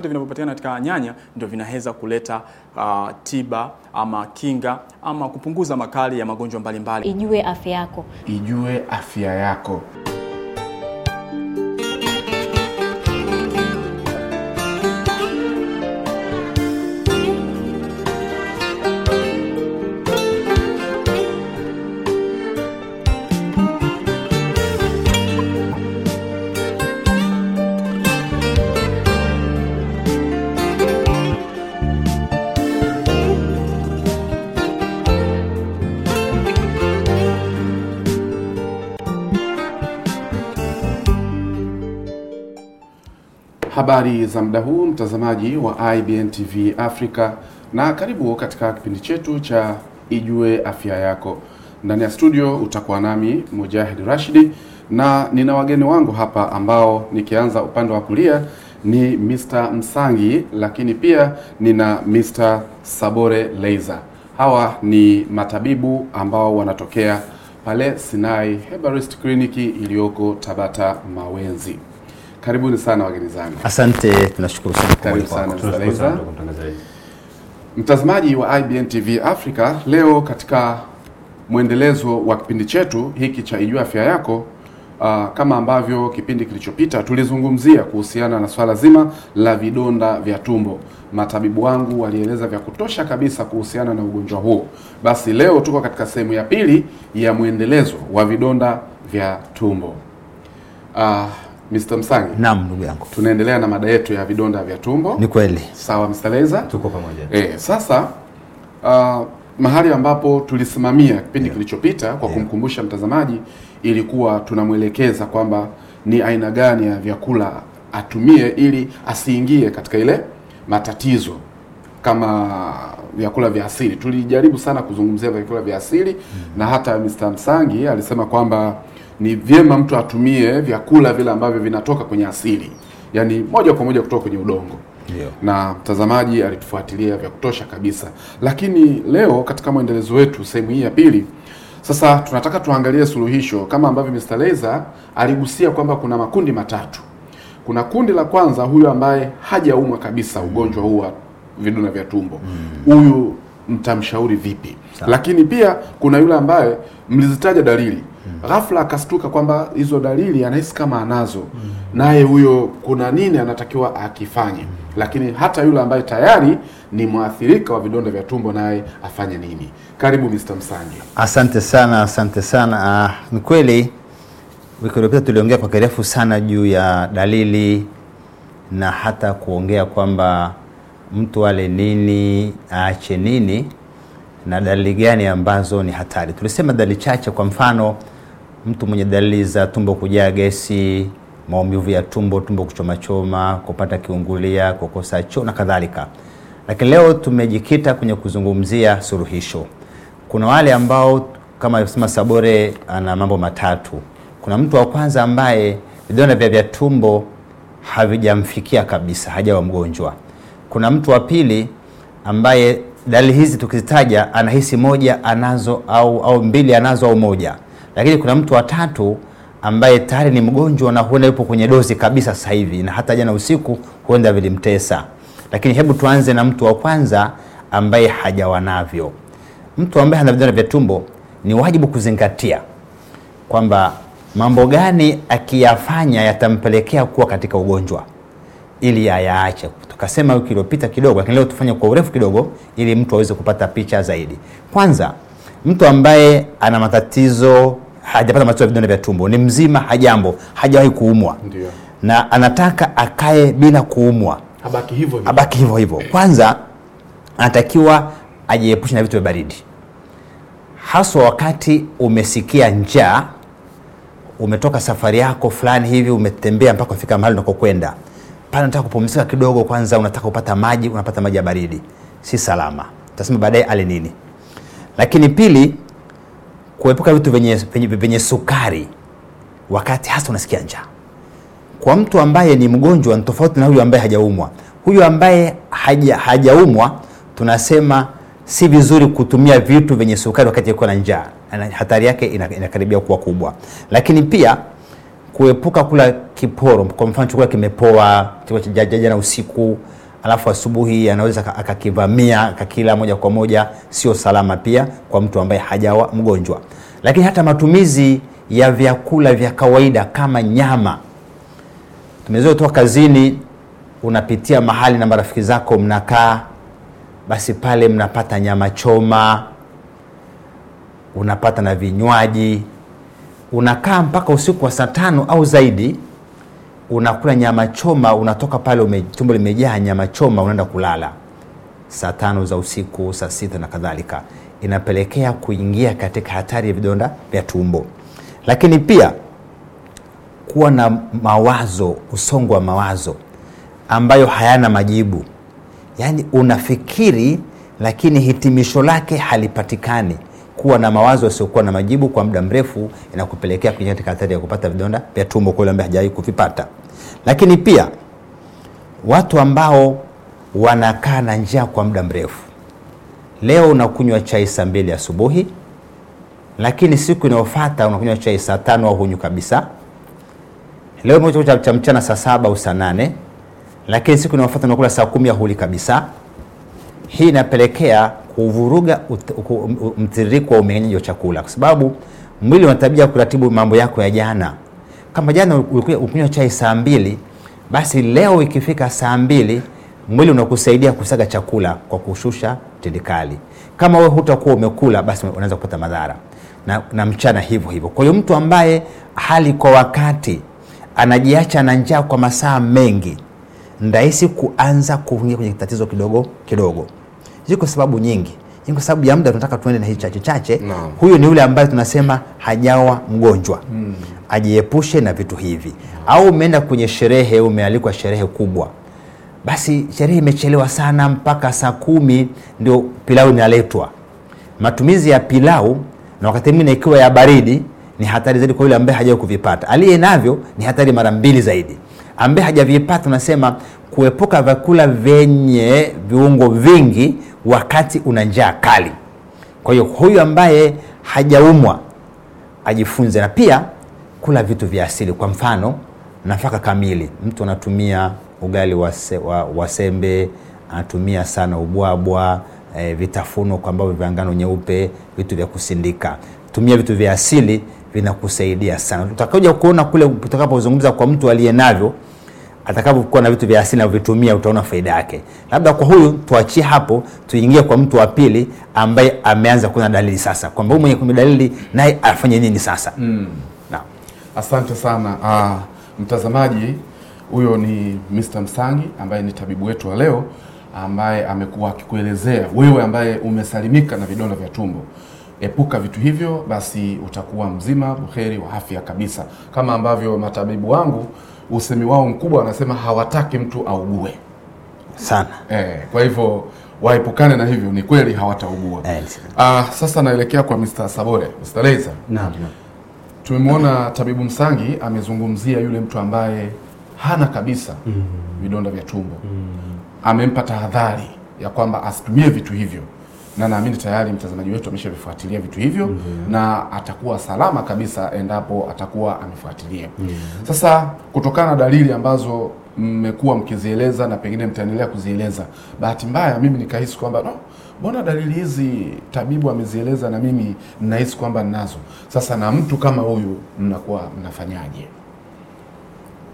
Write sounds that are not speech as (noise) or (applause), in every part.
vyote vinavyopatikana katika nyanya ndio vinaweza kuleta uh, tiba ama kinga ama kupunguza makali ya magonjwa mbalimbali. Ijue afya yako, ijue afya yako. Habari za muda huu mtazamaji wa IBN TV Africa, na karibu katika kipindi chetu cha Ijue Afya Yako. Ndani ya studio utakuwa nami Mujahid Rashidi na nina wageni wangu hapa ambao nikianza upande wa kulia ni Mr. Msangi, lakini pia nina Mr. Sabore Leiza. Hawa ni matabibu ambao wanatokea pale Sinai Herbalist Clinic iliyoko Tabata Mawenzi. Karibuni sana wageni zangu. Asante, tunashukuru sana. Karibu sana Mstaliza. Mtazamaji wa IBN TV Africa, leo katika mwendelezo wa kipindi chetu hiki cha Ijua Afya Yako, uh, kama ambavyo kipindi kilichopita tulizungumzia kuhusiana na swala zima la vidonda vya tumbo. Matabibu wangu walieleza vya kutosha kabisa kuhusiana na ugonjwa huo. Basi leo tuko katika sehemu ya pili ya mwendelezo wa vidonda vya tumbo. Uh, Mr. Msangi. Naam ndugu yangu. Tunaendelea na mada yetu ya vidonda vya tumbo. Ni kweli. Sawa Mr. Leza. Tuko pamoja. Eh, sasa uh, mahali ambapo tulisimamia kipindi yeah, kilichopita kwa yeah, kumkumbusha mtazamaji ilikuwa tunamwelekeza kwamba ni aina gani ya vyakula atumie ili asiingie katika ile matatizo kama vyakula vya asili. Tulijaribu sana kuzungumzia vyakula vya asili mm, na hata Mr. Msangi alisema kwamba ni vyema mtu atumie vyakula vile ambavyo vinatoka kwenye asili, yaani moja kwa moja kutoka kwenye udongo. Yeah. Na mtazamaji alitufuatilia vya kutosha kabisa, lakini leo katika mwendelezo wetu sehemu hii ya pili, sasa tunataka tuangalie suluhisho kama ambavyo Mr. Leza aligusia kwamba kuna makundi matatu. Kuna kundi la kwanza, huyu ambaye hajaumwa kabisa ugonjwa huu wa vidonda vya tumbo, hmm. huyu mm mtamshauri vipi? Sao. Lakini pia kuna yule ambaye mlizitaja dalili hmm. Ghafla akastuka kwamba hizo dalili anahisi kama anazo hmm. Naye huyo kuna nini anatakiwa akifanye? hmm. Lakini hata yule ambaye tayari ni mwathirika wa vidonda vya tumbo naye afanye nini? Karibu Mr. Msangi. Asante sana, asante sana. Ah, ni kweli wiki iliyopita tuliongea kwa kirefu sana juu ya dalili na hata kuongea kwamba mtu ale nini aache nini na dalili gani ambazo ni hatari. Tulisema dalili chache, kwa mfano mtu mwenye dalili za tumbo kujaa gesi, maumivu ya tumbo, tumbo kuchomachoma, kupata kiungulia, kukosa choo na kadhalika. Lakini leo tumejikita kwenye kuzungumzia suluhisho. Kuna wale ambao kama alivyosema Sabore ana mambo matatu. Kuna mtu wa kwanza ambaye vidonda vya vya tumbo havijamfikia kabisa, hajawa mgonjwa kuna mtu wa pili ambaye dalili hizi tukizitaja anahisi moja anazo au, au mbili anazo au moja, lakini kuna mtu wa tatu ambaye tayari ni mgonjwa na huenda yupo kwenye dozi kabisa sasa hivi na hata jana usiku huenda vilimtesa. Lakini hebu tuanze na mtu wa kwanza ambaye hajawa navyo. Mtu ambaye ana vidonda vya tumbo ni wajibu kuzingatia kwamba mambo gani akiyafanya yatampelekea kuwa katika ugonjwa ili ayaache. Tukasema wiki iliyopita kidogo, lakini leo tufanye kwa urefu kidogo, ili mtu aweze kupata picha zaidi. Kwanza, mtu ambaye ana matatizo hajapata matatizo ya vidonda vya tumbo, ni mzima, hajambo, hajawahi kuumwa. Ndiyo. na anataka akae bila kuumwa, abaki hivyo hivyo, abaki hivyo hivyo. Kwanza anatakiwa ajiepushe na vitu vya baridi, haswa wakati umesikia njaa, umetoka safari yako fulani hivi, umetembea mpaka ufika mahali unakokwenda pale unataka kupumzika kidogo kwanza, unataka kupata maji, unapata maji ya baridi, si salama. Utasema baadaye ale nini. Lakini pili, kuepuka vitu vyenye, vyenye, vyenye sukari wakati hasa unasikia njaa. Kwa mtu ambaye ni mgonjwa ni tofauti na huyu ambaye hajaumwa. Huyu ambaye haja, hajaumwa tunasema si vizuri kutumia vitu vyenye sukari wakati yuko na njaa, hatari yake inakaribia kuwa kubwa, lakini pia kuepuka kula kiporo. Kwa mfano, chakula kimepoa, chakula cha jana usiku, alafu asubuhi anaweza akakivamia akakila moja kwa moja, sio salama pia kwa mtu ambaye hajawa mgonjwa. Lakini hata matumizi ya vyakula vya kawaida kama nyama, tumezoea kutoka kazini, unapitia mahali na marafiki zako mnakaa, basi pale mnapata nyama choma, unapata na vinywaji unakaa mpaka usiku wa saa tano au zaidi, unakula nyama choma, unatoka pale ume, tumbo limejaa nyama choma, unaenda kulala saa tano za usiku, saa sita na kadhalika, inapelekea kuingia katika hatari ya vidonda vya tumbo. Lakini pia kuwa na mawazo, usongo wa mawazo ambayo hayana majibu, yaani unafikiri lakini hitimisho lake halipatikani kuwa na mawazo yasiokuwa na majibu kwa muda mrefu inakupelekea kwenye katika hatari ya kupata vidonda vya tumbo kwa yule ambaye hajawahi kuvipata. Lakini pia watu ambao wanakaa na njaa kwa muda mrefu, leo unakunywa chai saa mbili asubuhi, lakini siku inayofuata unakunywa chai saa tano au hunywi kabisa. Leo chakula cha mchana saa saba au saa nane, lakini siku inayofuata unakula saa kumi au huli kabisa. Hii inapelekea kuvuruga mtiririko wa umeng'enyaji wa chakula, kwa sababu mwili una tabia kuratibu mambo yako ya jana. Kama jana ukunywa chai saa mbili, basi leo ikifika saa mbili mwili unakusaidia kusaga chakula kwa kushusha tindikali. Kama wewe hutakuwa umekula, basi unaweza kupata madhara na, na mchana hivyo hivyo. Kwa hiyo mtu ambaye hali kwa wakati anajiacha na njaa kwa masaa mengi, ndahisi kuanza kuingia kwenye tatizo kidogo kidogo ziko sababu nyingi ni kwa sababu ya muda tunataka tuende na hii chache chache no. huyo ni yule ambaye tunasema hajawa mgonjwa mm. Ajiepushe na vitu hivi no. Au umeenda kwenye sherehe, umealikwa sherehe kubwa, basi sherehe imechelewa sana, mpaka saa kumi ndio pilau inaletwa. Matumizi ya pilau na wakati mwingine ikiwa ya baridi ni hatari zaidi kwa yule ambaye hajawa kuvipata. Aliye navyo ni hatari mara mbili zaidi. Ambaye hajavipata tunasema kuepuka vyakula vyenye viungo vingi wakati una njaa kali. Kwa hiyo huyu ambaye hajaumwa ajifunze, na pia kula vitu vya asili, kwa mfano nafaka kamili. Mtu anatumia ugali wase, wa, wa anatumia sana ubwabwa e, vitafuno kwa ambavyo vya ngano nyeupe, vitu vya kusindika. Tumia vitu vya asili, vinakusaidia sana. Tutakuja kuona kule utakapozungumza kwa mtu aliye navyo atakapokuwa na vitu vya asili na vitumia, utaona faida yake. Labda kwa huyu tuachie hapo, tuingie kwa mtu wa pili ambaye ameanza kuona dalili sasa, kwamba huyu mwenye kuna dalili naye afanye nini sasa. Mm. Na. Asante sana ah, mtazamaji huyo ni Mr. Msangi ambaye ni tabibu wetu wa leo ambaye amekuwa akikuelezea wewe ambaye umesalimika na vidonda vya tumbo. Epuka vitu hivyo, basi utakuwa mzima buheri wa afya kabisa, kama ambavyo matabibu wangu usemi wao mkubwa wanasema hawataki mtu augue sana eh, kwa hivyo waepukane na hivyo. Ni kweli hawataugua eh. Ah, sasa naelekea kwa Mr. Sabore, Mr. Leza. Naam, tumemwona Tabibu Msangi amezungumzia yule mtu ambaye hana kabisa mm. vidonda mm -hmm. vya tumbo mm -hmm. amempa tahadhari ya kwamba asitumie vitu hivyo na naamini tayari mtazamaji wetu ameshavifuatilia vitu hivyo mm -hmm. na atakuwa salama kabisa endapo atakuwa amefuatilia mm -hmm. Sasa kutokana na dalili ambazo mmekuwa mkizieleza na pengine mtaendelea kuzieleza, bahati mbaya mimi nikahisi kwamba no, mbona dalili hizi tabibu amezieleza na mimi ninahisi kwamba ninazo. Sasa na mtu kama huyu mnakuwa mnafanyaje?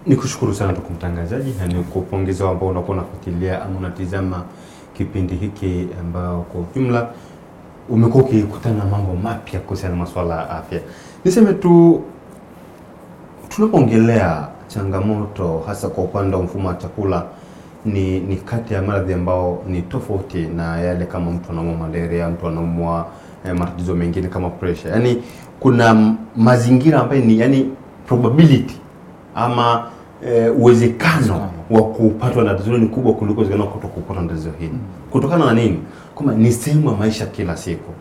Nikushukuru sana ndugu mtangazaji na nikupongeza ambao unakuwa unafuatilia ama unatizama kipindi hiki ambao kwa ujumla umekuwa ukikutana na mambo mapya kuhusiana na masuala ya afya. Niseme tu tunapoongelea changamoto hasa kwa upande wa mfumo wa chakula ni, ni kati ya maradhi ambao ni tofauti na yale kama mtu anaumwa malaria, mtu anaumwa eh, matatizo mengine kama pressure. Yaani kuna mazingira ambayo ni yani probability ama eh, uwezekano wa kupatwa na tatizo ni kubwa kuliko uwezekano kuto kupatwa na tatizo hili. mm. Kutokana na nini? Kwamba ni sehemu ya maisha kila siku.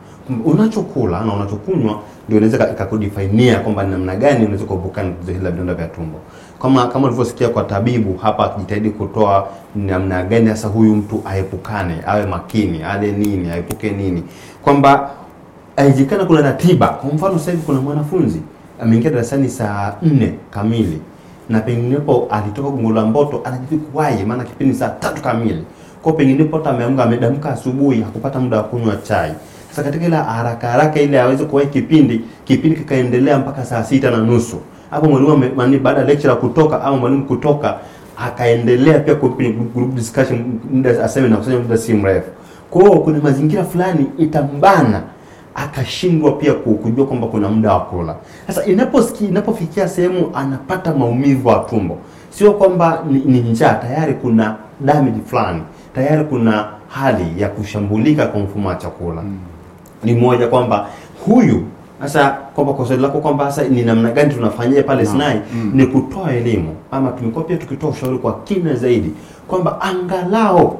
Unachokula na unachokunywa ndio inaweza ikakudefinia kwamba ni namna gani unaweza kuepukana na tatizo hili la vidonda vya tumbo. Kama kama ulivyosikia kwa tabibu hapa akijitahidi kutoa namna gani hasa huyu mtu aepukane, awe makini, ale nini, aepuke nini. Kwamba aijikana kuna ratiba. Kwa mfano sasa hivi kuna mwanafunzi ameingia darasani saa nne kamili na penginepo alitoka Gongola Mboto, anajivi kuwaje, maana kipindi saa tatu kamili kwa penginepo, hata ameamka amedamka asubuhi, hakupata muda wa kunywa chai. Sasa katika ile haraka haraka ile aweze kuwahi kipindi, kipindi kikaendelea mpaka saa sita na nusu hapo mwalimu, baada ya lecture kutoka au mwalimu kutoka, akaendelea pia kwenye group discussion muda aseme na kusema muda si mrefu. Kwa hiyo kuna mazingira fulani itambana akashindwa pia kujua kwamba kuna muda wa kula. Sasa inaposikia inapofikia sehemu anapata maumivu ya tumbo, sio kwamba ni njaa, tayari kuna damage fulani, tayari kuna hali ya kushambulika kwa mfumo wa chakula hmm. Ni moja kwamba huyu sasa kwamba kwa swali lako kwamba sasa ni namna gani tunafanyia pale no. Sinai mm. ni kutoa elimu ama tumekuwa pia tukitoa ushauri kwa kina zaidi kwamba angalau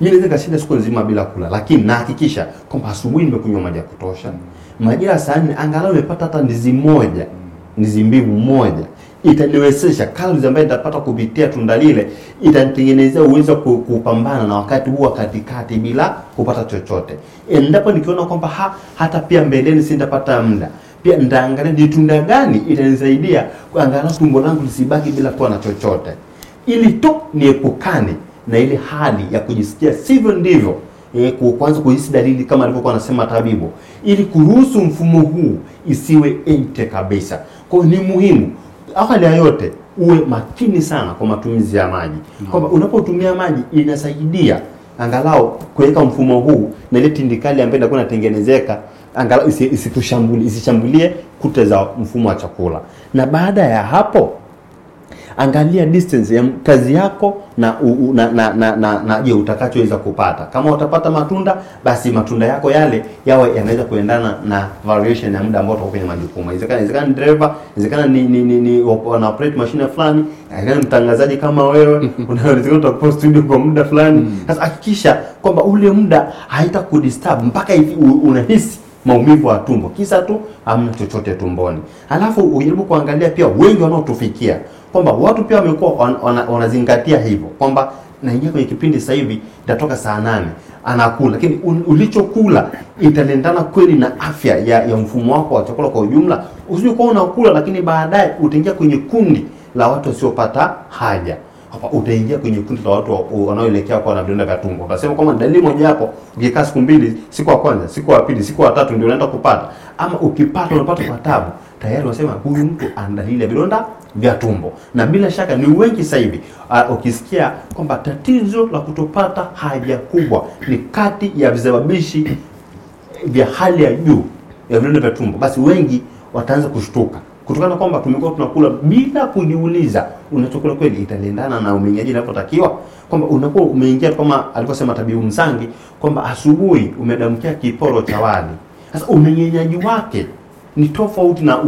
mimi naweza kashinda siku nzima bila kula, lakini nahakikisha kwamba asubuhi nimekunywa maji ya kutosha, mm. majira ya saa nne angalau nimepata hata ndizi moja, mm. ndizi mbivu moja itaniwezesha kalori ambayo nitapata kupitia tunda lile itanitengenezea uwezo kupambana na wakati huu huwa katikati bila kupata chochote. Endapo nikiona kwamba ha, hata pia mbeleni sitapata muda, pia nitaangalia ni tunda gani itanisaidia angalau tumbo langu lisibaki bila kuwa na chochote, ili tu niepukane na ile hali ya kujisikia sivyo ndivyo, e, kwanza kuhisi dalili kama alivyokuwa anasema tabibu, ili kuruhusu mfumo huu isiwe ente kabisa. Kwa hiyo ni muhimu awali ya yote uwe makini sana kwa matumizi ya maji, kwamba unapotumia maji inasaidia angalau kuweka mfumo huu na ile tindikali ambayo inakuwa inatengenezeka angalau isitushambulie, isishambulie kuta za mfumo wa chakula, na baada ya hapo angalia distance ya kazi yako na u, na, na, na, na, na utakachoweza kupata. Kama utapata matunda, basi matunda yako yale yawe yanaweza kuendana na variation ya muda ambao utakuwa kwenye majukumu. Inawezekana inawezekana ni driver, inawezekana ni ni, ni, ni na operate mashine fulani, inawezekana mtangazaji kama wewe, unaweza (laughs) post studio kwa muda fulani. Hmm. Sasa hakikisha kwamba ule muda haitakudisturb mpaka unahisi maumivu ya tumbo, kisa tu amna chochote tumboni. Alafu ujaribu kuangalia pia wengi wanaotufikia kwamba watu pia wamekuwa wanazingatia wana, wana hivyo kwamba naingia kwenye kipindi sasa hivi itatoka saa nane anakula, lakini ulichokula italendana kweli na afya ya, ya mfumo wako wa chakula kwa ujumla. Usije kuwa unakula lakini baadaye utaingia kwenye kundi la watu wasiopata haja hapa, utaingia kwenye kundi la watu wanaoelekea kwa na vidonda vya tumbo. Utasema kwamba dalili moja hapo, ukikaa siku mbili, siku ya kwanza, siku ya pili, siku ya tatu ndio unaenda kupata, ama ukipata unapata kwa tabu, tayari unasema huyu mtu ana dalili ya vidonda vya tumbo, na bila shaka ni wengi sasa hivi uh, ukisikia kwamba tatizo la kutopata haja kubwa ni kati ya visababishi vya hali ya juu ya vidonda vya tumbo, basi wengi wataanza kushtuka kutokana kwamba tumekuwa tunakula bila kujiuliza, unachokula kweli italendana na umeng'aji inapotakiwa, kwamba unakuwa umeingia kama alivyosema Tabibu Msangi kwamba asubuhi umedamkia kiporo cha wali. Sasa umeng'enyaji wake ni tofauti na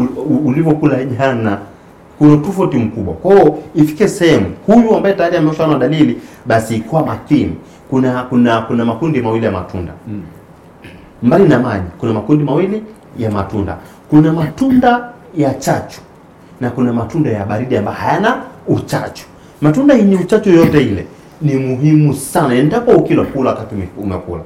ulivyokula jana kuna tofauti mkubwa. Kwa hiyo ifike sehemu huyu ambaye tayari ameshaona dalili, basi kwa makini. Kuna kuna kuna makundi mawili ya matunda mm. Mbali na maji, kuna makundi mawili ya matunda. Kuna matunda ya chachu na kuna matunda ya baridi ambayo hayana uchachu. Matunda yenye uchachu yote ile ni muhimu sana, endapo ukila kula wakati umekula,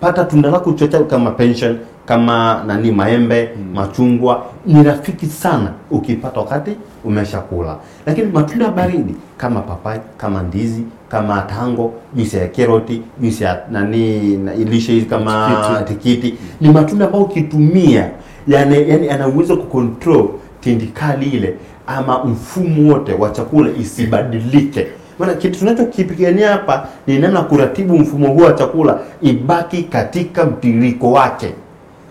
pata tunda lako uchachu kama pension kama nani, maembe mm. machungwa ni rafiki sana, ukipata wakati umeshakula. Lakini matunda baridi kama papai, kama ndizi, kama tango, juisi ya keroti, juisi ya nani, na ilishe kama tikiti, tikiti. ni matunda ambayo ukitumia yani, yani ana uwezo kucontrol tindikali ile ama mfumo wote wa chakula isibadilike. Maana kitu tunachokipigania hapa ni namna kuratibu mfumo huu wa chakula ibaki katika mtiririko wake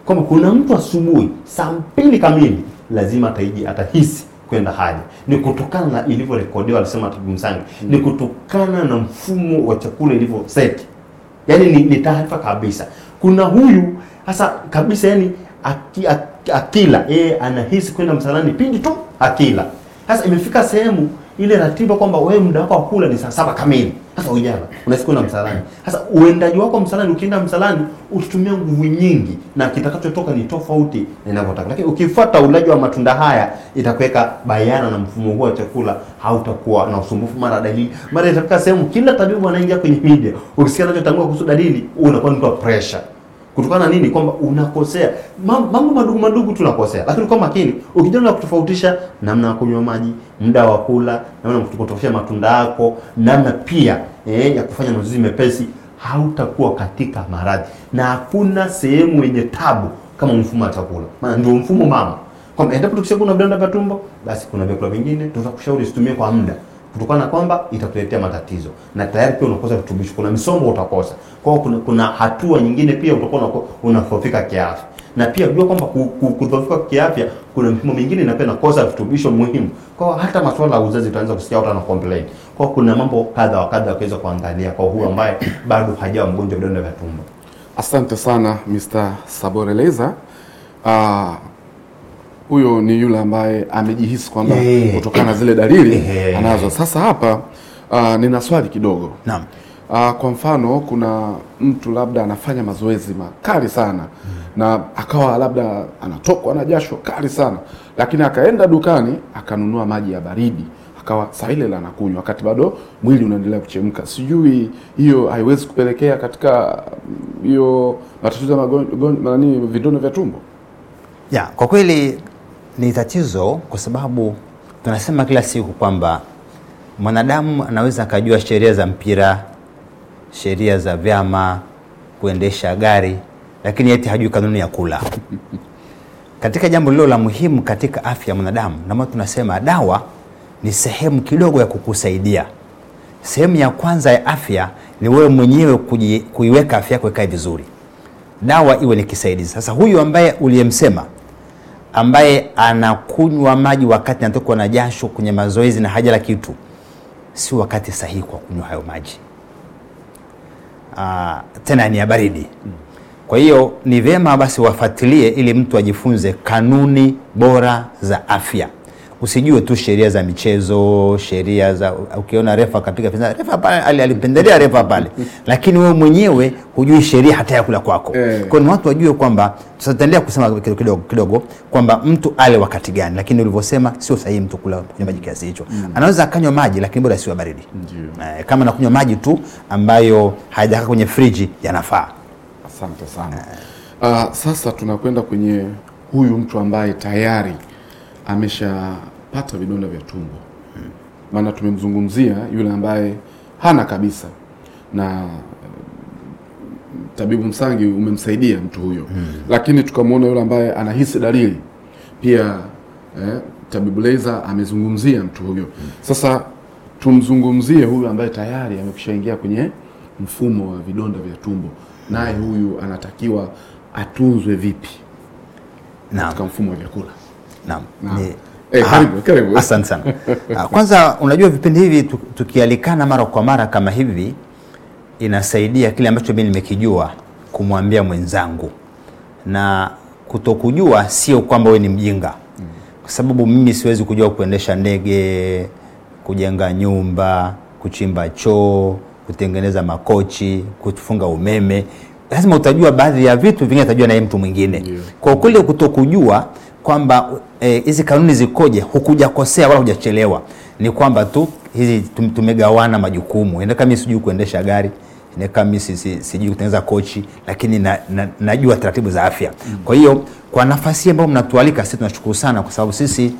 kwamba kuna mtu asubuhi saa mbili kamili lazima ataiji atahisi kwenda haja. Ni kutokana na ilivyorekodiwa, alisema Tabibu Msangi, mm. ni kutokana na mfumo wa chakula ilivyo set. Yaani ni, ni taarifa kabisa. Kuna huyu hasa kabisa, yani aki, akila yeye anahisi kwenda msalani pindi tu akila. Sasa imefika sehemu ile ratiba kwamba wewe muda wako wa kula ni saa saba kamili. Sasa ujana una na msalani. Sasa uendaji wako msalani, ukienda msalani utatumia nguvu nyingi na kitakachotoka ni tofauti na inavyotaka, lakini ukifuata ulaji wa matunda haya itakuweka bayana na mfumo huo wa chakula hautakuwa na usumbufu. Mara dalili mara itafika sehemu kila tabibu anaingia kwenye media, ukisikia anachotangua kuhusu dalili unakuwa ni pressure Kutokana na nini? Kwamba unakosea mambo madogo madogo, tunakosea, lakini kwa makini ukijana na kutofautisha namna ya kunywa maji, muda wa kula, namna ya kutofautisha matunda yako, namna pia eh, ya kufanya mazoezi mepesi, hautakuwa katika maradhi, na hakuna sehemu yenye tabu kama mfumo wa chakula, maana ndio mfumo mama. Kwa endapo tukisha kuna vidonda vya tumbo, basi kuna vyakula vingine tunaweza kushauri usitumie kwa muda kutokana na kwamba itatuletea matatizo na tayari pia unakosa virutubisho, kuna misombo utakosa. Kwa hiyo kuna, kuna hatua nyingine pia utakuwa unadhoofika kiafya, na pia unajua kwamba kudhoofika kiafya kuna mifumo mingine na pia nakosa virutubisho muhimu. Kwa hiyo hata masuala ya uzazi utaanza kusikia watu wana complain. Kwa hiyo kuna mambo kadha wa kadha wakiweza kuangalia kwa huyu ambaye bado hajawa mgonjwa vidonda vya tumbo. Asante sana Mr. Saboreleza. Uh, huyo ni yule ambaye amejihisi kwamba kutokana na zile dalili anazo. Sasa hapa uh, nina swali kidogo. Naam. Uh, kwa mfano kuna mtu labda anafanya mazoezi makali sana hmm. na akawa labda anatokwa na jasho kali sana, lakini akaenda dukani akanunua maji ya baridi akawa saa ile anakunywa wakati bado mwili unaendelea kuchemka. Sijui hiyo haiwezi kupelekea katika mm, hiyo matatizo ya nani, vidonda vya tumbo? Ya, kwa kweli ni tatizo kwa sababu tunasema kila siku kwamba mwanadamu anaweza akajua sheria za mpira, sheria za vyama, kuendesha gari, lakini eti hajui kanuni ya kula katika jambo lilo la muhimu katika afya ya mwanadamu. Ndio tunasema dawa ni sehemu kidogo ya kukusaidia. Sehemu ya kwanza ya afya ni wewe mwenyewe kuiweka afya yako ikae vizuri, dawa iwe ni kisaidizi. Sasa huyu ambaye uliyemsema ambaye anakunywa maji wakati anatokwa na jasho kwenye mazoezi na haja la kitu, si wakati sahihi kwa kunywa hayo maji. Aa, ah, tena ni ya baridi. Kwa hiyo ni vyema basi wafuatilie, ili mtu ajifunze kanuni bora za afya usijue tu sheria za michezo sheria za ukiona refa kapiga refa pale alimpendelea refa pale (laughs) lakini wewe mwenyewe hujui sheria hata ya kula kwako eh. kwa ni watu wajue kwamba tutaendelea kusema kidogo kidogo kwamba mtu ale wakati gani lakini ulivyosema sio sahihi mtu kula kunywa maji kiasi hicho mm. anaweza akanywa maji lakini bora siwa baridi eh, kama nakunywa maji tu ambayo hayajakaa kwenye friji yanafaa asante sana uh, sasa tunakwenda kwenye huyu mtu ambaye tayari ameshapata vidonda vya tumbo, maana tumemzungumzia yule ambaye hana kabisa na eh, tabibu Msangi umemsaidia mtu huyo hmm. Lakini tukamwona yule ambaye anahisi dalili pia eh, tabibu Leza amezungumzia mtu huyo hmm. Sasa tumzungumzie huyu ambaye tayari amekushaingia kwenye mfumo wa vidonda vya tumbo naye Huyu anatakiwa atunzwe vipi katika mfumo wa vyakula? Naam. Eh, karibu, karibu. Asante sana. (laughs) Ah, kwanza unajua vipindi hivi tukialikana mara kwa mara kama hivi inasaidia kile ambacho mimi nimekijua kumwambia mwenzangu, na kutokujua sio kwamba wewe ni mjinga, mm. kwa sababu mimi siwezi kujua kuendesha ndege, kujenga nyumba, kuchimba choo, kutengeneza makochi, kufunga umeme. Lazima utajua baadhi ya vitu, vingine atajua na mtu mwingine. Kwa kule kutokujua kwamba eh, hizi e, kanuni zikoje, hukujakosea wala hujachelewa, ni kwamba tu hizi tumegawana majukumu. Inaweza mimi sijui kuendesha gari, inaweza mimi sijui kutengeneza kochi, lakini na, na, najua taratibu za afya mm -hmm. Kwa hiyo kwa nafasi ambayo mnatualika sisi tunashukuru sana, kwa sababu sisi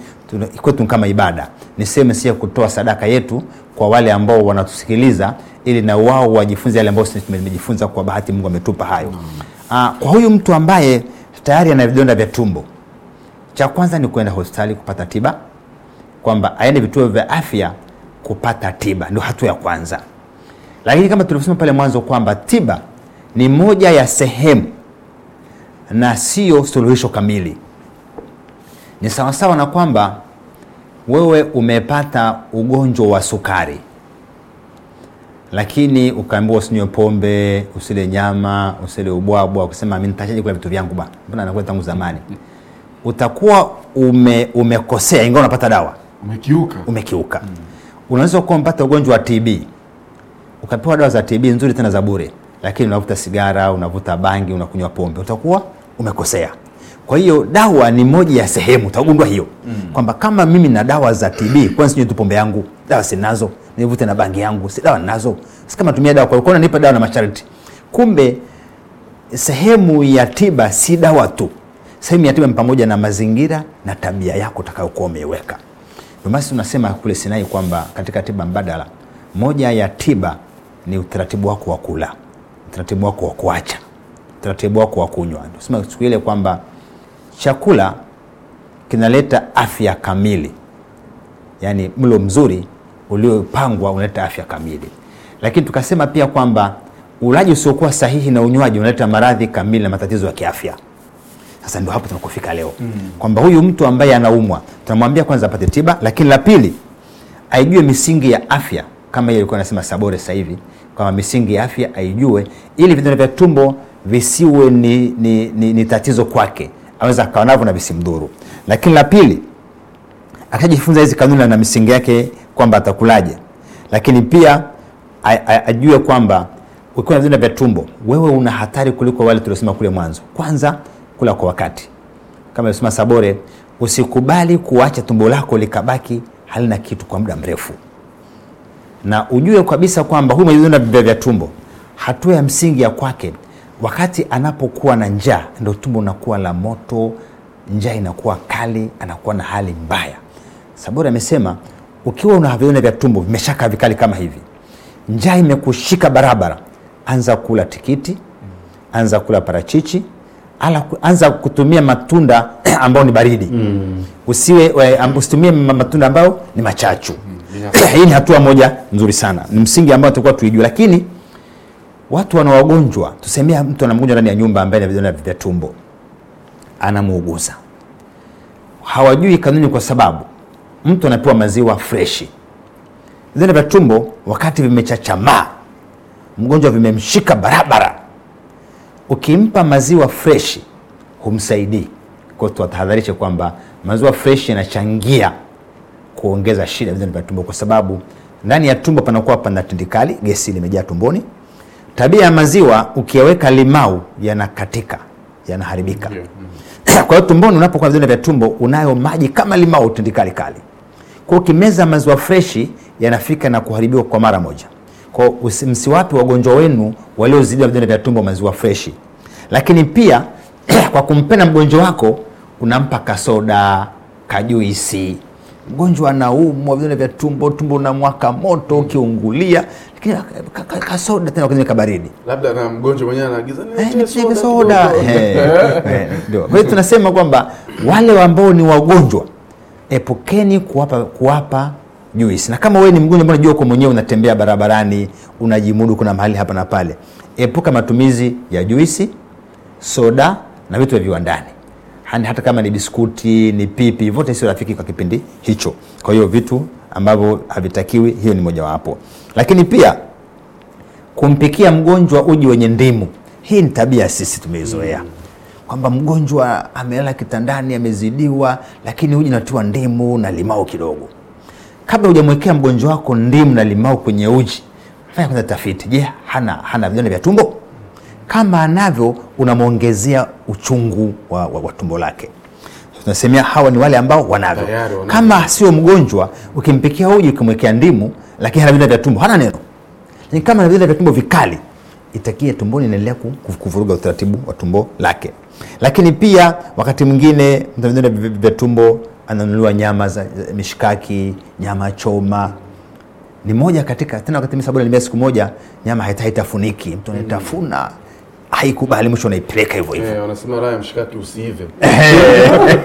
kwetu kama ibada niseme sisi kutoa sadaka yetu kwa wale ambao wanatusikiliza, ili na wao wajifunze yale ambayo sisi tumejifunza, kwa bahati Mungu ametupa hayo mm -hmm. Ah, Aa, kwa huyu mtu ambaye tayari ana vidonda vya tumbo cha kwanza ni kwenda hospitali kupata tiba, kwamba aende vituo vya afya kupata tiba, ndio hatua ya kwanza. Lakini kama tulivyosema pale mwanzo kwamba tiba ni moja ya sehemu na sio suluhisho kamili. Ni sawasawa na kwamba wewe umepata ugonjwa wa sukari, lakini ukaambiwa usinywe pombe, usile nyama, usile ubwabwa, ukisema mimi nitachaji kula vitu vyangu bwana, mbona nakuwa tangu zamani utakuwa ume, umekosea ingawa unapata dawa umekiuka, umekiuka. Mm. Unaweza kuwa mpata ugonjwa wa TB ukapewa dawa za TB nzuri tena za bure, lakini unavuta sigara, unavuta bangi, unakunywa pombe, utakuwa umekosea. Kwa hiyo dawa ni moja ya sehemu, utagundua hiyo mm. kwamba kama mimi na dawa za TB, kwani sinywi tu pombe yangu, dawa sinazo, nivute na bangi yangu, si dawa ninazo, si kama tumia dawa, kwa hiyo nipa dawa na masharti. Kumbe sehemu ya tiba si dawa tu Sehemu ya tiba ni pamoja na mazingira na tabia yako utakayokuwa umeiweka. Ndio maana tunasema kule Sinai kwamba katika tiba mbadala, moja ya tiba ni utaratibu wako wa kula, utaratibu wako wa kuacha, utaratibu wako wa kunywa. Tunasema siku ile kwamba chakula kinaleta afya kamili, yaani mlo mzuri uliopangwa unaleta afya kamili, lakini tukasema pia kwamba ulaji usiokuwa sahihi na unywaji unaleta maradhi kamili na matatizo ya kiafya. Sasa ndio hapo tunakufika leo mm. kwamba huyu mtu ambaye anaumwa tunamwambia kwanza apate tiba, lakini la pili aijue misingi ya afya kama ilikuwa nasema Sabore sasa hivi kama misingi ya afya aijue, ili vidonda vya tumbo visiwe ni, ni, ni, ni tatizo kwake, aweza akawa navyo na visimdhuru. Lakini la pili akajifunza hizi kanuni na misingi yake kwamba atakulaje, lakini pia ajue kwamba ukiwa na vidonda vya tumbo wewe una hatari kuliko wale tuliosema kule mwanzo. Kwanza kula kwa wakati kama ilivyosema Sabore, usikubali kuacha tumbo lako likabaki halina kitu kwa muda mrefu, na ujue kabisa kwamba huyu mwenye vidonda vya tumbo, hatua ya msingi ya kwake wakati anapokuwa na njaa, ndio tumbo unakuwa la moto, njaa inakuwa kali, anakuwa na hali mbaya. Sabore amesema ukiwa una vidonda vya tumbo vimeshaka vikali kama hivi, njaa imekushika barabara, anza kula tikiti, anza kula parachichi ala anza kutumia matunda (clears throat) ambayo ni baridi mm. Usiwe usitumie matunda ambayo ni machachu mm. (clears throat) Hii ni hatua moja nzuri sana, ni msingi ambao tutakuwa tuijue, lakini watu wana wagonjwa, tusemea mtu ana mgonjwa ndani ya nyumba ambaye ana vidonda vya tumbo, anamuuguza, hawajui kanuni, kwa sababu mtu anapewa maziwa freshi. Vidonda vya tumbo wakati vimechachamaa, mgonjwa vimemshika barabara ukimpa maziwa freshi humsaidii. Kwa hiyo tuwatahadharishe kwamba maziwa freshi yanachangia kuongeza shida vidonda vya tumbo, kwa sababu ndani ya tumbo panakuwa pana tindikali, gesi limejaa tumboni. Tabia ya maziwa ukiyaweka limau, yanakatika yanaharibika. yeah. (clears throat) Kwa hiyo tumboni unapokuwa vidonda vya tumbo unayo maji kama limau, tindikali kali. Kwa hiyo ukimeza maziwa freshi yanafika na kuharibiwa kwa mara moja. Kwa msiwapi wagonjwa wenu waliozidiwa vidonda vya tumbo maziwa freshi, lakini pia (clears throat) kwa kumpenda mgonjwa wako unampa kasoda, kajuisi. Mgonjwa anaumwa vidonda vya tumbo, tumbo na mwaka moto ukiungulia, lakini kasoda tena kwenye kabaridi, labda na mgonjwa mwenyewe anaagiza ni eh, eh, soda. Ndio kwa hiyo tunasema kwamba wale ambao ni wagonjwa, epukeni kuwapa kuwapa juisi. Na kama wewe ni mgonjwa ambaye unajua uko mwenyewe, unatembea barabarani, unajimudu, kuna mahali hapa na pale, epuka matumizi ya juisi, soda na vitu vya viwandani Hani, hata kama ni biskuti ni pipi, vote sio rafiki kwa kipindi hicho. Kwa hiyo vitu ambavyo havitakiwi, hiyo ni mojawapo. Lakini pia kumpikia mgonjwa uji wenye ndimu, hii ni tabia sisi tumeizoea hmm kwamba mgonjwa amelala kitandani, amezidiwa, lakini uji natiwa ndimu na limao kidogo kabla hujamwekea mgonjwa wako ndimu na limau kwenye uji, fanya kwanza tafiti. Je, hana hana vidonda vya tumbo? Kama anavyo, unamwongezea uchungu wa, wa, wa tumbo lake. Tunasemea hawa ni wale ambao wanavyo. Kama sio mgonjwa, ukimpikia uji ukimwekea ndimu, lakini hana vidonda vya tumbo, hana neno. Lakini kama ana vidonda vya tumbo vikali, itakia tumboni inaendelea kuvuruga utaratibu wa tumbo lake. Lakini pia wakati mwingine vidonda vya tumbo ananunua nyama za mishkaki nyama choma ni moja katika tena wakati mimi sabuni siku moja nyama haitafuniki mtu anaitafuna mm haikubali mwisho naipeleka hivyo hivyo eh, wanasema raha mshikaki usiive (laughs) eh.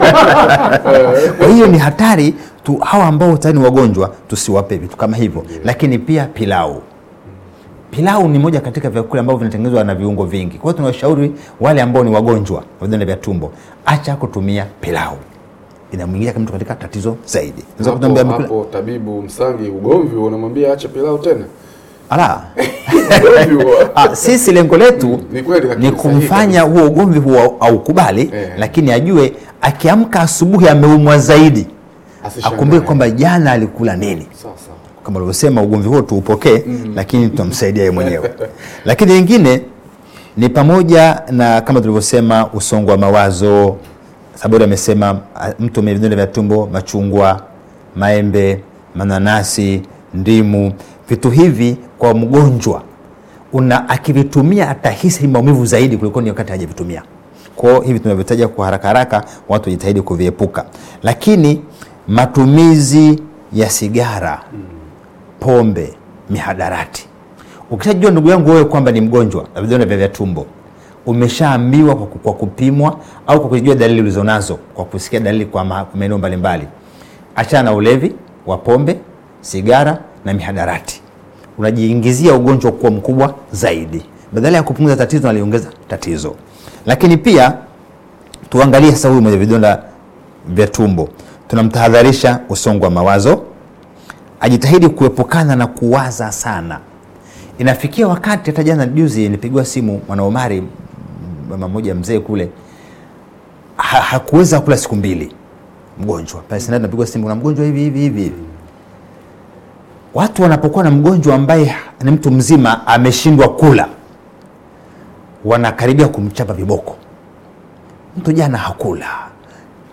kwa hiyo ni hatari tu hawa ambao tayari ni wagonjwa tusiwape vitu kama hivyo yeah. lakini pia pilau pilau ni moja katika vyakula ambavyo vinatengenezwa na viungo vingi kwa hiyo tunawashauri wale ambao ni wagonjwa vidonda vya tumbo acha kutumia pilau inamwingiza mtu katika tatizo zaidi. Hapo tabibu Msangi, ugomvi unamwambia acha pilau tena ala (laughs) ah, sisi lengo letu (laughs) ni kumfanya huo ugomvi huo aukubali eh, lakini ajue akiamka asubuhi ameumwa zaidi, akumbuke kwamba jana alikula nini. Kama ulivyosema, ugomvi huo tuupokee, mm, lakini tutamsaidia yeye mwenyewe (laughs) lakini lingine ni pamoja na kama tulivyosema, usongo wa mawazo Thaburi amesema mtu mwenye vidonda vya tumbo, machungwa, maembe, mananasi, ndimu, vitu hivi kwa mgonjwa una akivitumia atahisi maumivu zaidi kuliko ni wakati hajavitumia. Kwa hivi tunavyotaja kwa haraka haraka, watu wajitahidi kuviepuka. Lakini matumizi ya sigara, pombe, mihadarati, ukishajua ndugu yangu wewe kwamba ni mgonjwa na vidonda vya tumbo umeshaambiwa kwa kwa kupimwa au kwa kujua dalili ulizonazo kwa kusikia dalili kwa maeneo mbalimbali. Achana na ulevi wa pombe, sigara na mihadarati, unajiingizia ugonjwa kuwa mkubwa zaidi. Badala ya kupunguza tatizo, naliongeza tatizo. Lakini pia tuangalie sasa, huyu mwenye vidonda vya tumbo tunamtahadharisha usongo wa mawazo, ajitahidi kuepukana na kuwaza sana. Inafikia wakati hata jana juzi nilipigiwa simu mwana Omari mama mmoja mzee kule ha, hakuweza kula siku mbili, mgonjwa pale Sinai, napigwa simu na mgonjwa hivi hivi hivi. Watu wanapokuwa na mgonjwa ambaye ni mtu mzima ameshindwa kula, wanakaribia kumchapa viboko. Mtu jana hakula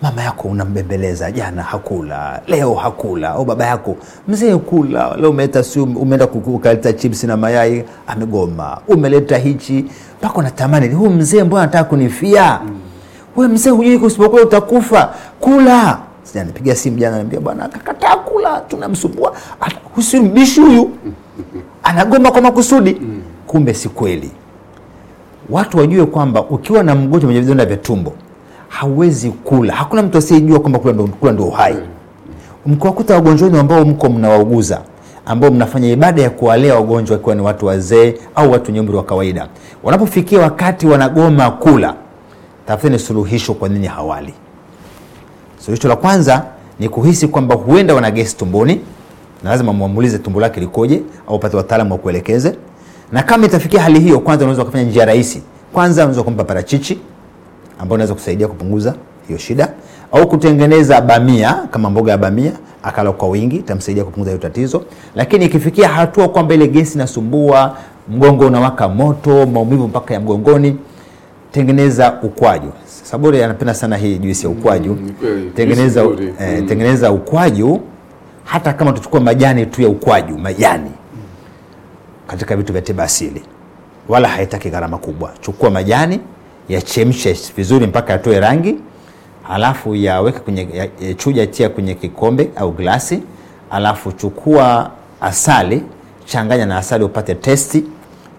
mama yako unambembeleza, jana hakula, leo hakula, au oh, baba yako mzee kula leo, umeleta si umeenda kukaleta chips na mayai, amegoma, umeleta hichi mpaka natamani huu mzee, mbona anataka kunifia? mm. We mzee, hujui usipokula utakufa, kula. Nipiga simu jana, niambia bwana akakataa kula, tunamsumbua usimbishi huyu, (laughs) anagoma kwa makusudi. mm. Kumbe si kweli. Watu wajue kwamba ukiwa na mgonjwa mwenye vidonda vya tumbo hawezi kula. Hakuna mtu asiyejua kwamba kula ndo, kula ndo uhai. Mkiwakuta wagonjwa wenu ambao mko mnawauguza ambao mnafanya ibada ya kuwalea wagonjwa akiwa ni watu wazee au watu wenye umri wa kawaida, wanapofikia wakati wanagoma kula, tafuteni suluhisho kwa nini hawali. Suluhisho la kwanza ni kuhisi kwamba huenda wana gesi tumboni, na lazima muamulize tumbo lake likoje, au pate wataalamu wa kuelekeze. Na kama itafikia hali hiyo, kwanza unaweza kufanya njia rahisi. Kwanza unaweza kumpa parachichi ambayo inaweza kusaidia kupunguza hiyo shida, au kutengeneza bamia kama mboga ya bamia akala kwa wingi, itamsaidia kupunguza hiyo tatizo. Lakini ikifikia hatua kwamba ile gesi inasumbua, mgongo unawaka moto, maumivu mpaka ya mgongoni, tengeneza ukwaju. Saburi anapenda sana hii juisi ya mm, ukwaju. Tengeneza, eh, mm. tengeneza ukwaju, hata kama tutachukua majani tu ya ukwaju, majani katika vitu vya tiba asili, wala haitaki gharama kubwa. Chukua majani yachemshe vizuri mpaka yatoe rangi, alafu yaweke kwenye ya, chuja, tia kwenye kikombe au glasi, alafu chukua asali, changanya na asali upate testi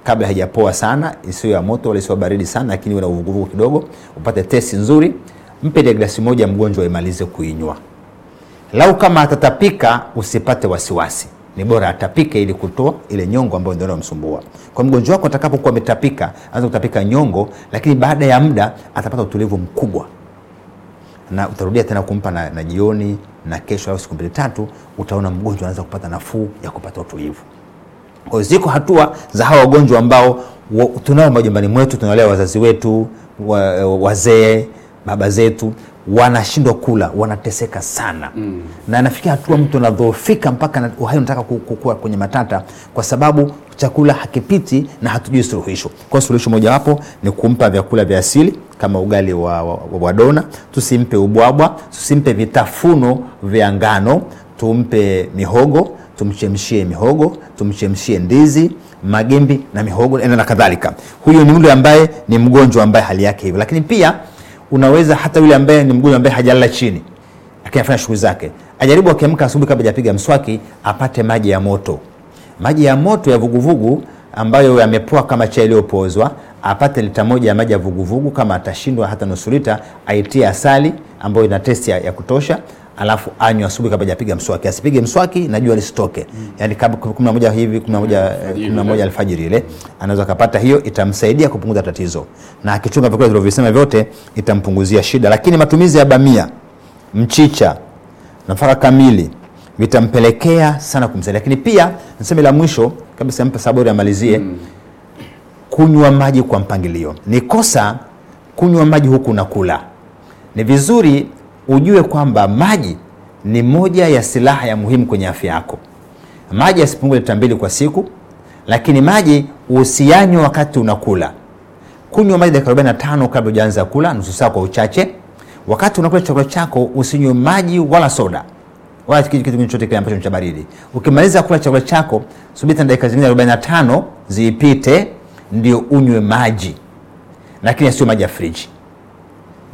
kabla haijapoa sana, isiyo ya moto wala isiyo baridi sana, lakini na uvuguvugu kidogo, upate testi nzuri. Mpe ile glasi moja mgonjwa imalize kuinywa. Lau kama atatapika, usipate wasiwasi ni bora atapike ili kutoa ile nyongo ambayo ndio inamsumbua. Kwa mgonjwa wako atakapokuwa ametapika, anaweza kutapika nyongo, lakini baada ya muda atapata utulivu mkubwa, na utarudia tena kumpa na, na jioni na kesho au siku mbili tatu, utaona mgonjwa anaanza kupata nafuu ya kupata utulivu. Kwa hiyo ziko hatua za hawa wagonjwa ambao tunao majumbani mwetu, tunalea wazazi wetu, wazee, baba zetu wanashindwa kula, wanateseka sana mm. na nafikia hatua mtu anadhoofika mpaka uhai unataka kukua kwenye matata, kwa sababu chakula hakipiti na hatujui suluhisho. Kwa suluhisho mojawapo ni kumpa vyakula vya asili kama ugali wa, wa, wa dona, tusimpe ubwabwa, tusimpe vitafuno vya ngano, tumpe mihogo, tumchemshie mihogo, tumchemshie ndizi magimbi na mihogo na kadhalika. Huyo ni yule ambaye ni mgonjwa ambaye hali yake hivyo, lakini pia unaweza hata yule ambaye ni mgonjwa ambaye hajalala chini lakini afanya shughuli zake ajaribu akiamka asubuhi kabla hajapiga mswaki apate maji ya moto maji ya moto ya vuguvugu ambayo yamepoa kama chai iliyopozwa apate lita moja ya maji ya vuguvugu kama atashindwa hata nusu lita aitie asali ambayo ina testi ya, ya kutosha alafu anywe asubuhi kabla hajapiga mswaki, asipige mswaki na jua lisitoke. Mm. Yaani kabla 11 hivi 11 mm. eh, alfajiri ile anaweza kupata hiyo, itamsaidia kupunguza tatizo, na akichunga vyakula vilivyosema vyote itampunguzia shida. Lakini matumizi ya bamia, mchicha, nafaka kamili vitampelekea sana kumsaidia. Lakini pia niseme la mwisho kabisa, mpe saburi amalizie. Mm. Kunywa maji kwa mpangilio ni kosa kunywa maji huku na kula. Ni vizuri ujue kwamba maji ni moja ya silaha ya muhimu kwenye afya yako. Maji yasipungua lita mbili kwa siku, lakini maji usiyanywe wakati unakula. Kunywa maji dakika 45 kabla hujaanza kula, nusu saa kwa uchache. Wakati unakula chakula chako usinywe maji wala soda wala kitu kingine chochote kile ambacho ni cha baridi. Ukimaliza kula chakula chako, subiri tena dakika zingine 45 zipite, ndio unywe maji, lakini sio maji ya friji.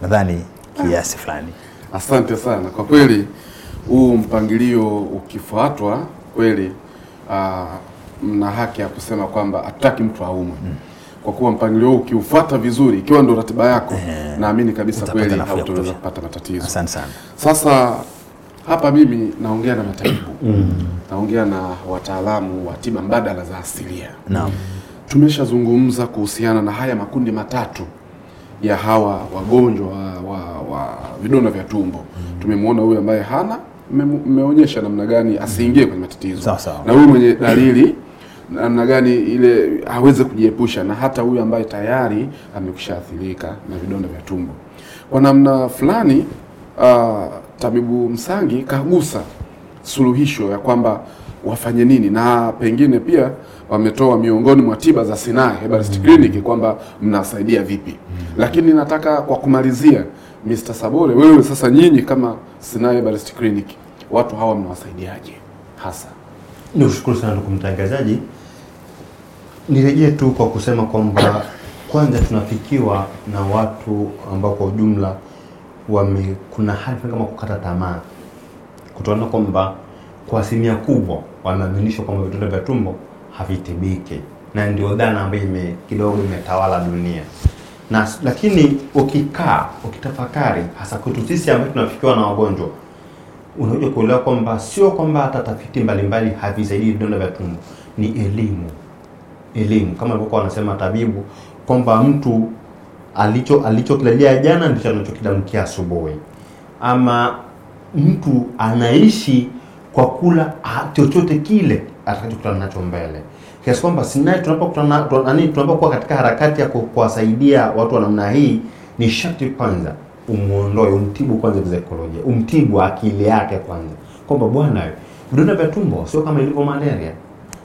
Nadhani kiasi fulani ah. Asante sana kwa kweli, huu mpangilio ukifuatwa kweli, aa, ah, mna haki ya kusema kwamba hataki mtu aumwe hmm. Kwa kuwa mpangilio huu ukiufuata vizuri, ikiwa ndio ratiba yako eh, naamini kabisa kweli hautaweza kupata matatizo. Asante sana. Sasa hapa mimi naongea na matabibu hmm. naongea na wataalamu wa tiba mbadala za asilia naam. Tumeshazungumza kuhusiana na haya makundi matatu ya hawa wagonjwa wa, wa wa vidonda vya tumbo mm. tumemwona huyu ambaye hana mmeonyesha namna gani asiingie kwenye matatizo na huyu mwenye dalili namna gani ile aweze kujiepusha, na hata huyu ambaye tayari amekushaathirika na vidonda vya tumbo kwa namna fulani. Uh, tabibu Msangi kagusa suluhisho ya kwamba wafanye nini, na pengine pia wametoa miongoni mwa tiba za Sinai Herbal mm. Clinic kwamba mnasaidia vipi, mm. lakini nataka kwa kumalizia Mr. Sabore, wewe sasa, nyinyi kama Sinai Ballistic Clinic watu hawa mnawasaidiaje hasa? Ni ushukuru sana ndugu mtangazaji, nirejee tu kwa kusema kwamba kwanza tunafikiwa na watu ambao kwa ujumla wame, kuna hali kama kukata tamaa kutoona kwamba kwa asilimia kubwa wameaminishwa kwamba vidonda vya tumbo havitibiki, na ndio dhana ambayo kidogo imetawala dunia na lakini ukikaa ukitafakari, hasa kwetu sisi ambao tunafikiwa na wagonjwa, unakuja kuelewa kwamba sio kwamba hata tafiti mbalimbali havisaidii vidonda vya tumbo, ni elimu. Elimu kama alivyokuwa wanasema tabibu kwamba mtu alicho alichokilalia jana ndicho anachokidamkia asubuhi, ama mtu anaishi kwa kula ah, chochote kile atakachokutana nacho mbele kiasi kwamba naye tunapokutana nani, tunapokuwa katika harakati ya kuwasaidia watu wa namna hii, ni sharti kwanza umuondoe, umtibu kwanza kisaikolojia, umtibu akili yake kwanza, kwamba bwana, vidonda vya tumbo sio kama ilivyo malaria,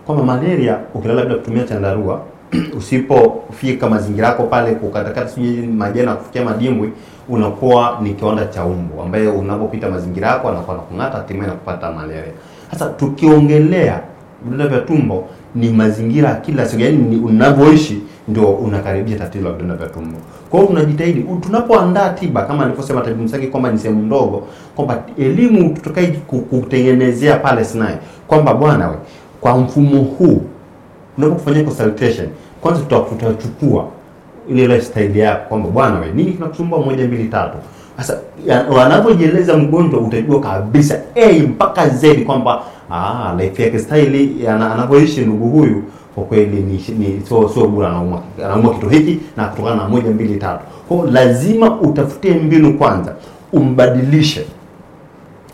kwamba malaria ukilala bila kutumia chandarua (clears throat) usipofika mazingira yako pale kukatakata sijui majani na kufikia madimbwi, unakuwa ni kiwanda cha umbu ambaye unapopita mazingira yako anakuwa anakung'ata, hatimaye kupata malaria. Sasa tukiongelea vidonda vya tumbo ni mazingira kila siku, yaani unavyoishi ndio unakaribia tatizo la vidonda vya tumbo. Kwa hiyo tunajitahidi tunapoandaa tiba, kama nilivyosema tabibu Msaki kwamba ni sehemu ndogo, kwamba elimu tutakai kutengenezea pale Sinai kwamba bwana we, kwa mfumo huu unapofanyia consultation, kwanza tutachukua ile lifestyle yako kwamba bwana we, nini kinakusumbua, moja mbili tatu. Sasa wanavyojieleza mgonjwa, utajua kabisa a mpaka z kwamba ah, life yake staili anavyoishi ndugu huyu kwa kweli ni, ni sio sio bure, anaumwa anaumwa kitu hiki na kutokana na moja mbili tatu. Kwa lazima utafutie mbinu kwanza, umbadilishe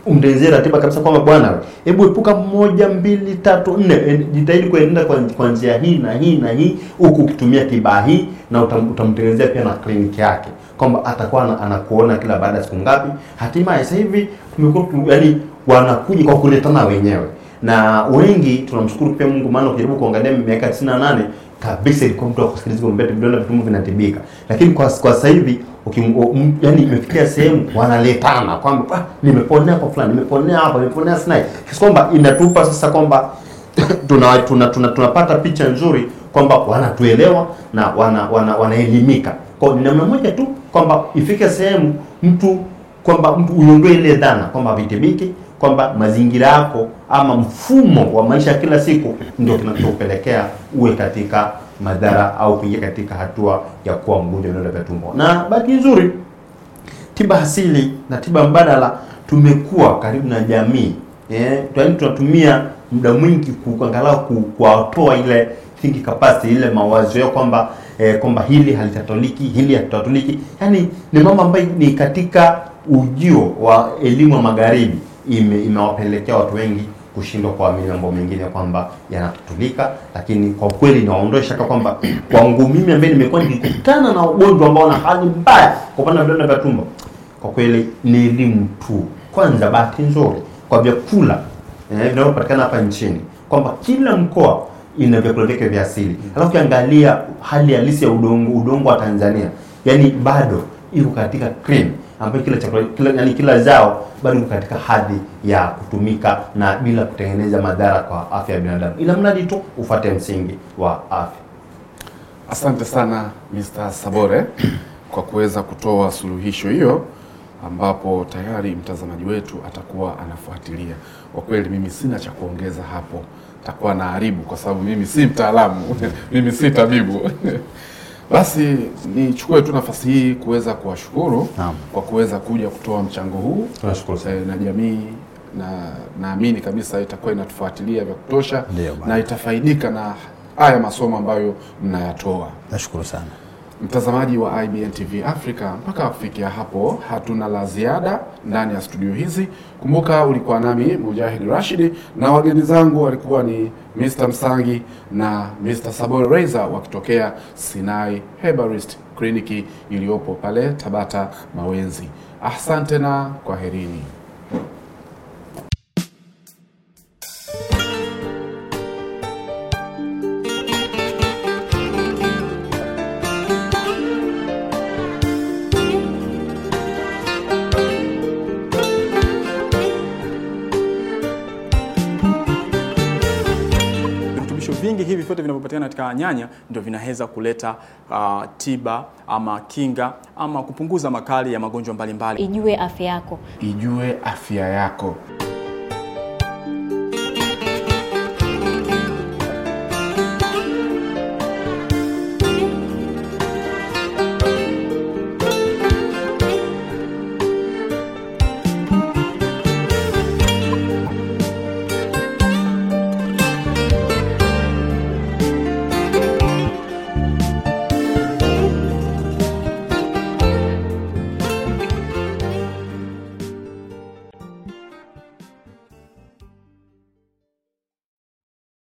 umtengenezee ratiba kabisa kwamba bwana, hebu epuka moja mbili tatu nne, jitahidi kuenda kwa njia hii na hii na hii, huku ukitumia tiba hii, na utamtengenezea pia na kliniki yake kwamba atakuwa anakuona kila baada ya siku ngapi. Hatimaye sasa hivi tumekuwa yaani, wanakuja kwa kuletana wenyewe, na wengi tunamshukuru pia Mungu, maana kujaribu kuangalia miaka 98 kabisa ilikuwa mtu akusikiliza kwa mbele, vidonda vitumbo vinatibika, lakini kwa kwa sasa hivi yaani imefikia sehemu wanaletana kwamba ah, nimeponea kwa fulani, nimeponea hapa, nimeponea snai, kiasi kwamba inatupa sasa kwamba (coughs) tuna, tuna, tuna, tunapata picha nzuri kwamba wanatuelewa na wana, wana, wanaelimika. Kwa ni namna moja tu kwamba ifike sehemu mtu kwamba mtu uiondoe ile dhana kwamba vitimiki kwamba mazingira yako ama mfumo wa maisha ya kila siku ndio kinachopelekea uwe katika madhara au kuingia katika hatua ya kuwa mgonjwa wa vidonda vya tumbo. Na bahati nzuri, tiba asili na tiba mbadala tumekuwa karibu na jamii eh, tunatumia muda mwingi kuangalau kuwatoa ile thinking capacity, ile mawazo yao kwamba eh, kwamba hili halitatoliki, hili halitatoliki. yani ni mambo ambayo ni katika ujio wa elimu ya magharibi imewapelekea watu wengi kushindwa kuamini mambo mengine kwamba yanatatulika lakini kwa kweli naondoe shaka kwamba (clears throat) kwangu mimi ambaye nimekuwa nikikutana na ugonjwa ambao na hali mbaya kwa upande wa vidonda vya tumbo, kwa kweli ni elimu tu. Kwanza bahati nzuri kwa vyakula eh, vinavyopatikana hapa nchini kwamba kila mkoa ina vyakula vyake vya asili. Alafu ukiangalia hali halisi ya udongo udongo wa Tanzania, yani bado iko katika cream ambayo kila chakula kila, yani kila zao bado iko katika hadhi ya kutumika na bila kutengeneza madhara kwa afya ya binadamu, ila mradi tu ufuate msingi wa afya. Asante sana Mr. Sabore kwa kuweza kutoa suluhisho hiyo ambapo tayari mtazamaji wetu atakuwa anafuatilia. Kwa kweli mimi sina cha kuongeza hapo takuwa na haribu kwa sababu mimi si mtaalamu (laughs) mimi si tabibu (laughs) Basi nichukue tu nafasi hii kuweza kuwashukuru kwa kuweza kuja kutoa mchango huu eh, na jamii na naamini kabisa itakuwa inatufuatilia vya kutosha na itafaidika na haya masomo ambayo mnayatoa. Nashukuru sana. Mtazamaji wa IBN TV Africa, mpaka kufikia hapo hatuna la ziada ndani ya studio hizi. Kumbuka ulikuwa nami Mujahid rashid na wageni zangu walikuwa ni Mr. Msangi na Mr. Sabol Reza wakitokea Sinai Herbalist kliniki iliyopo pale Tabata Mawenzi. Asante na kwaherini. vinavyopatikana katika nyanya ndio vinaweza kuleta uh, tiba ama kinga ama kupunguza makali ya magonjwa mbalimbali. Ijue afya yako, ijue afya yako.